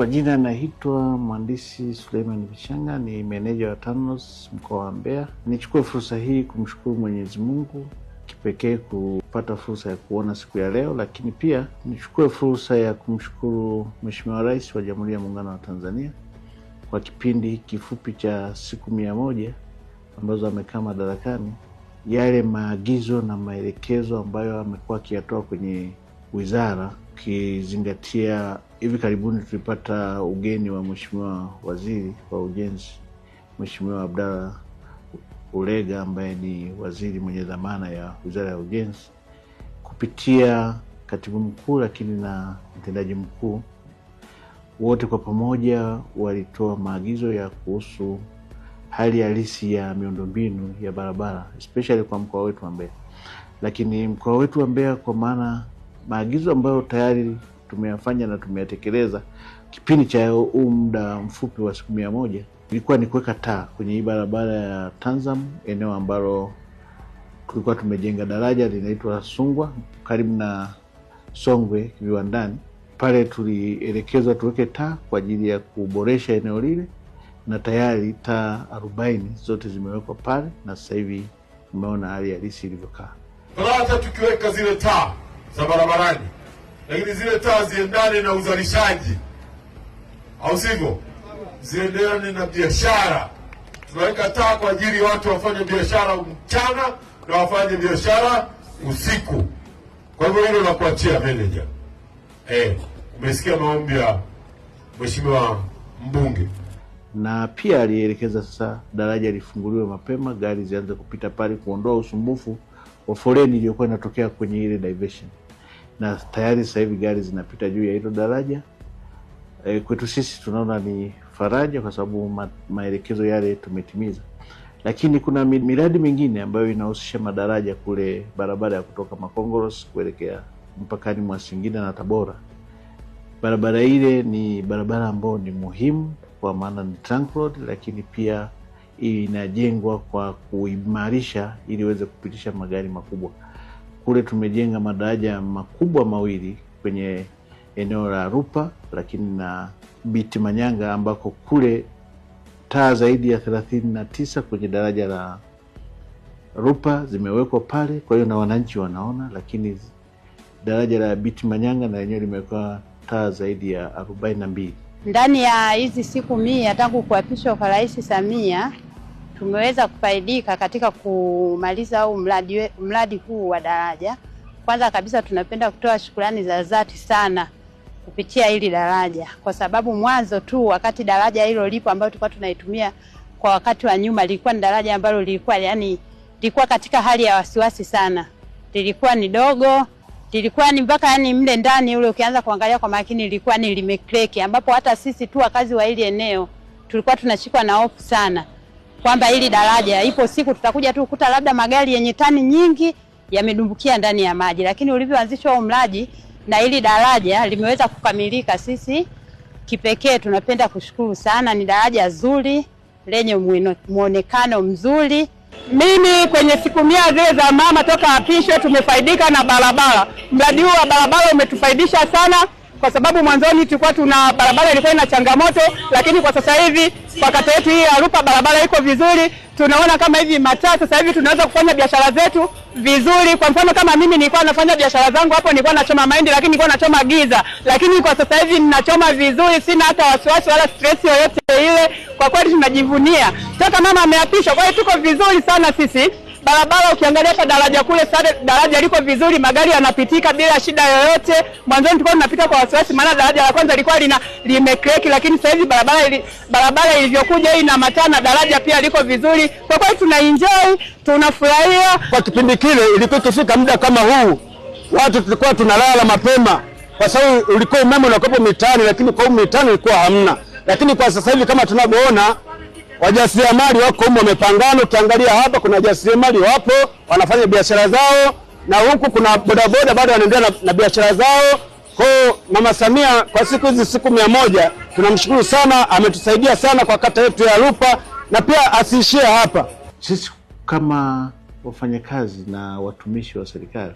Kwa jina naitwa mwandishi Suleiman vishanga ni meneja wa TANROADS mkoa wa Mbeya. Nichukue fursa hii kumshukuru Mwenyezi Mungu kipekee kupata fursa ya kuona siku ya leo, lakini pia nichukue fursa ya kumshukuru Mheshimiwa Rais wa Jamhuri ya Muungano wa Tanzania kwa kipindi kifupi cha siku mia moja ambazo amekaa madarakani, yale maagizo na maelekezo ambayo amekuwa akiyatoa kwenye wizara ukizingatia hivi karibuni tulipata ugeni wa mweshimiwa Waziri wa Ujenzi, mweshimiwa Abdalla Ulega ambaye ni waziri mwenye dhamana ya Wizara ya Ujenzi kupitia katibu mkuu lakini na mtendaji mkuu, wote kwa pamoja walitoa maagizo ya kuhusu hali halisi ya miundombinu ya barabara especially kwa mkoa wetu wa mbea lakini mkoa wetu wa mbea kwa maana maagizo ambayo tayari tumeyafanya na tumeyatekeleza kipindi cha huu muda mfupi wa siku mia moja ilikuwa ni kuweka taa kwenye hii barabara ya Tanzam, eneo ambalo tulikuwa tumejenga daraja linaitwa Sungwa karibu na Songwe viwandani. Pale tulielekezwa tuweke taa kwa ajili ya kuboresha eneo lile, na tayari taa arobaini zote zimewekwa pale, na sasa hivi umeona hali halisi ilivyokaa. Tukiweka zile taa za barabarani, lakini zile taa ziendane na uzalishaji, au sivyo ziendane na biashara. Tunaweka taa kwa ajili ya watu wafanye biashara mchana na wafanye biashara usiku. Kwa hivyo hilo la kuachia meneja. Eh, umesikia maombi ya mheshimiwa mbunge na pia alielekeza sasa daraja lifunguliwe mapema, gari zianze kupita pale, kuondoa usumbufu wa foleni iliyokuwa inatokea kwenye ile diversion na tayari sasa hivi gari zinapita juu ya hilo daraja. E, kwetu sisi tunaona ni faraja kwa sababu ma, maelekezo yale tumetimiza, lakini kuna miradi mingine ambayo inahusisha madaraja kule barabara ya kutoka Makongoros kuelekea mpakani mwa Singida na Tabora. Barabara ile ni barabara ambayo ni muhimu kwa maana ni trunk road, lakini pia inajengwa kwa kuimarisha ili iweze kupitisha magari makubwa kule tumejenga madaraja makubwa mawili kwenye eneo la Rupa lakini na Biti Manyanga ambako kule taa zaidi ya thelathini na tisa kwenye daraja la Rupa zimewekwa pale, kwa hiyo na wananchi wanaona. Lakini daraja la Biti Manyanga na lenyewe limewekwa taa zaidi ya arobaini na mbili ndani ya hizi siku mia tangu kuapishwa kwa Rais Samia tumeweza kufaidika katika kumaliza au mradi mradi huu wa daraja. Kwanza kabisa tunapenda kutoa shukrani za dhati sana kupitia hili daraja, kwa sababu mwanzo tu wakati daraja hilo lipo, ambayo tulikuwa tunaitumia kwa wakati wa nyuma, lilikuwa ni daraja ambalo lilikuwa yani, lilikuwa katika hali ya wasiwasi sana, lilikuwa ni dogo, lilikuwa ni mpaka yani mle ndani ule ukianza kuangalia kwa makini lilikuwa ni limekreki, ambapo hata sisi tu wakazi wa hili eneo tulikuwa tunashikwa na hofu sana kwamba hili daraja ipo siku tutakuja tu kukuta labda magari yenye tani nyingi yamedumbukia ndani ya maji, lakini ulivyoanzishwa huu mradi na hili daraja limeweza kukamilika, sisi kipekee tunapenda kushukuru sana. Ni daraja zuri lenye mwonekano mzuri. Mimi kwenye siku mia zile za mama toka apishe tumefaidika na barabara. Mradi huu wa barabara umetufaidisha sana kwa sababu mwanzoni tulikuwa tuna barabara ilikuwa ina changamoto, lakini kwa sasa hivi kwa kata yetu hii ya barabara iko vizuri. Tunaona kama hivi mataa sasa hivi tunaweza kufanya biashara zetu vizuri. Kwa mfano kama mimi nilikuwa nafanya biashara zangu hapo, nilikuwa nachoma mahindi, lakini nilikuwa nachoma giza, lakini kwa sasa hivi ninachoma vizuri, sina hata wasiwasi wala stress yoyote ile. Kwa kweli tunajivunia, toka mama ameapisha, kwa hiyo tuko vizuri sana sisi barabara ukiangalia hata daraja kule sare, daraja liko vizuri, magari yanapitika bila shida yoyote. Mwanzoni tulikuwa tunapita kwa wasiwasi, maana daraja la kwanza lilikuwa lina limecrack, lakini sasa hivi barabara ili, barabara ilivyokuja hii na mataa na daraja pia liko vizuri. Kwa kweli tuna enjoy, tunafurahia. Kwa kipindi kile ilikuwa ikifika muda kama huu, watu tulikuwa tunalala mapema, kwa sababu ulikuwa umeme unakopo mitaani, lakini kwa mitaani ilikuwa hamna. Lakini kwa sasa hivi kama tunavyoona wajasiriamali wako humo wamepangana. Ukiangalia hapa kuna wajasiriamali wapo wanafanya biashara zao, na huku kuna bodaboda bado wanaendelea na, na biashara zao. Kwa hiyo mama Samia kwa siku hizi siku mia moja tunamshukuru sana, ametusaidia sana kwa kata yetu ya Lupa, na pia asiishie hapa. Sisi kama wafanyakazi na watumishi wa serikali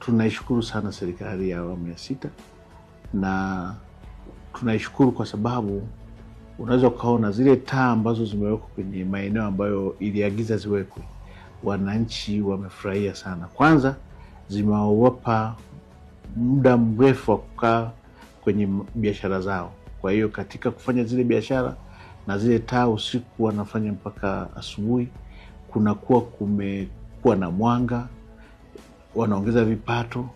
tunaishukuru sana serikali ya awamu ya sita, na tunaishukuru kwa sababu unaweza ukaona zile taa ambazo zimewekwa kwenye maeneo ambayo iliagiza ziwekwe, wananchi wamefurahia sana. Kwanza zimewapa muda mrefu wa kukaa kwenye biashara zao, kwa hiyo katika kufanya zile biashara na zile taa usiku wanafanya mpaka asubuhi, kunakuwa kumekuwa na mwanga, wanaongeza vipato,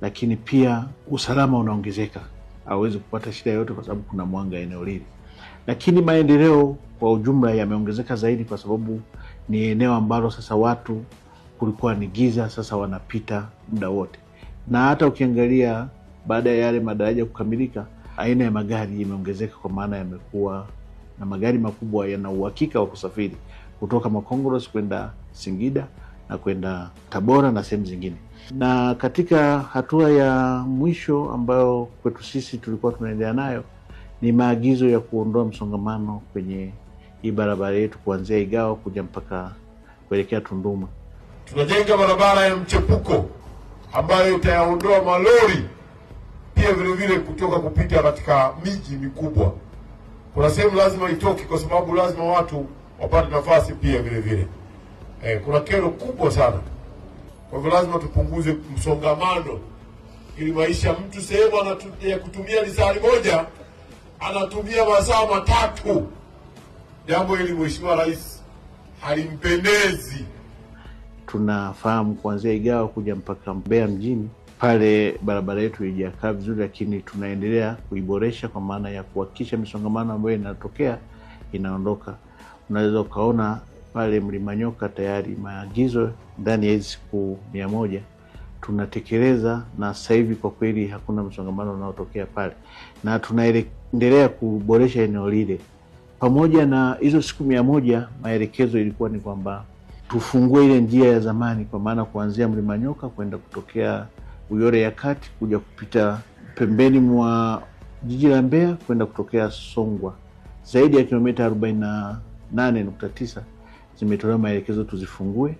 lakini pia usalama unaongezeka, awezi kupata shida yoyote kwa sababu kuna mwanga eneo lile. Lakini maendeleo kwa ujumla yameongezeka zaidi, kwa sababu ni eneo ambalo sasa watu kulikuwa ni giza, sasa wanapita muda wote, na hata ukiangalia baada ya yale madaraja kukamilika, aina ya magari imeongezeka, kwa maana yamekuwa na magari makubwa yana uhakika wa kusafiri kutoka Makongoros kwenda Singida na kwenda Tabora na sehemu zingine. Na katika hatua ya mwisho ambayo kwetu sisi tulikuwa tunaendelea nayo ni maagizo ya kuondoa msongamano kwenye hii barabara yetu kuanzia Igao kuja mpaka kuelekea Tunduma. Tunajenga barabara ya mchepuko ambayo itayaondoa malori pia vilevile kutoka kupita katika miji mikubwa. Kuna sehemu lazima itoke, kwa sababu lazima watu wapate nafasi pia vilevile. Eh, kuna kero kubwa sana, kwa hivyo lazima tupunguze msongamano ili maisha mtu sehemu ya kutumia lisali moja anatumia masaa matatu. Jambo hili Mheshimiwa Rais halimpendezi. Tunafahamu kuanzia Igawa kuja mpaka Mbeya mjini pale barabara yetu ijakaa vizuri, lakini tunaendelea kuiboresha kwa maana ya kuhakikisha misongamano ambayo inatokea inaondoka. Unaweza ukaona pale mlimanyoka tayari maagizo ndani ya hizi siku mia moja tunatekeleza, na sasa hivi kwa kweli hakuna msongamano unaotokea pale, na tunaendelea kuboresha eneo lile. Pamoja na hizo siku mia moja, maelekezo ilikuwa ni kwamba tufungue ile njia ya zamani, kwa maana kuanzia Mlima Nyoka kwenda kutokea Uyole ya kati kuja kupita pembeni mwa jiji la Mbeya kwenda kutokea Songwa, zaidi ya kilomita 48.9 zimetolewa maelekezo tuzifungue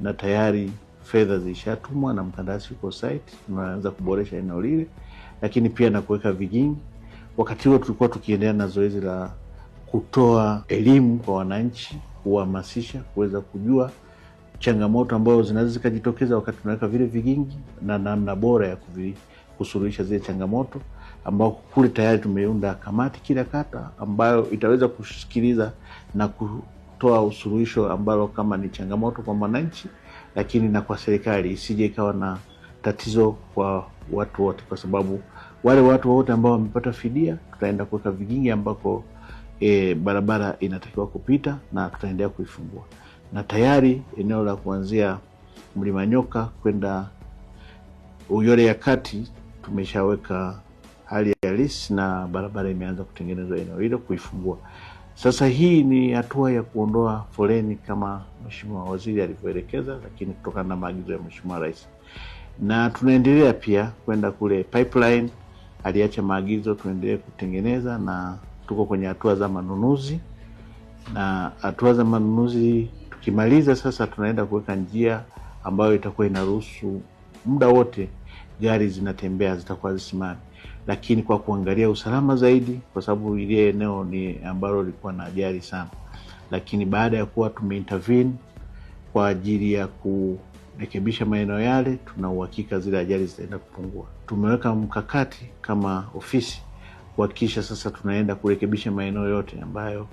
na tayari fedha zilishatumwa na mkandarasi yuko site, tunaanza kuboresha eneo lile, lakini pia na kuweka vijingi. Wakati huo tulikuwa tukiendelea na zoezi la kutoa elimu kwa wananchi, kuhamasisha kuweza kujua changamoto ambazo zinaweza zikajitokeza wakati tunaweka vile vigingi na namna bora ya kusuluhisha zile changamoto, ambao kule tayari tumeunda kamati kila kata ambayo itaweza kusikiliza na kutoa usuluhisho ambalo kama ni changamoto kwa mwananchi lakini na kwa serikali isije ikawa na tatizo kwa watu wote, kwa sababu wale watu wote ambao wamepata fidia tutaenda kuweka vigingi ambako e, barabara inatakiwa kupita na tutaendelea kuifungua, na tayari eneo la kuanzia Mlima Nyoka kwenda Uyole ya kati tumeshaweka hali halisi na barabara imeanza kutengenezwa eneo hilo kuifungua. Sasa hii ni hatua ya kuondoa foleni kama Mheshimiwa Waziri alivyoelekeza, lakini kutokana na maagizo ya Mheshimiwa Rais, na tunaendelea pia kwenda kule pipeline, aliacha maagizo, tuendelee kutengeneza na tuko kwenye hatua za manunuzi, na hatua za manunuzi tukimaliza, sasa tunaenda kuweka njia ambayo itakuwa inaruhusu muda wote gari zinatembea, zitakuwa zisimami lakini kwa kuangalia usalama zaidi, kwa sababu ile eneo ni ambalo lilikuwa na ajali sana. Lakini baada ya kuwa tumeintervene kwa ajili ya kurekebisha maeneo yale, tuna uhakika zile ajali zitaenda kupungua. Tumeweka mkakati kama ofisi kuhakikisha sasa tunaenda kurekebisha maeneo yote ambayo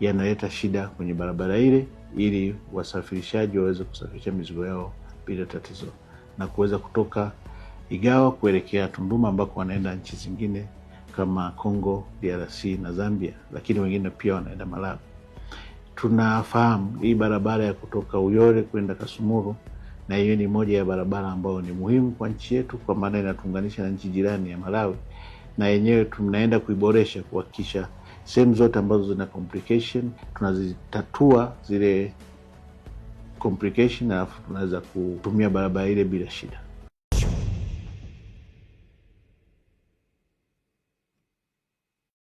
yanaleta shida kwenye barabara ile, ili wasafirishaji waweze kusafirisha mizigo yao bila tatizo na kuweza kutoka Igawa kuelekea Tunduma ambako wanaenda nchi zingine kama Congo DRC na Zambia, lakini wengine pia wanaenda Malawi. Tunafahamu hii barabara ya kutoka Uyole kwenda Kasumuru, na hiyo ni moja ya barabara ambayo ni muhimu kwa nchi yetu, kwa maana inatuunganisha na nchi jirani ya Malawi, na yenyewe tunaenda kuiboresha kuhakikisha sehemu zote ambazo zina complication tunazitatua zile complication, alafu tunaweza kutumia barabara ile bila shida.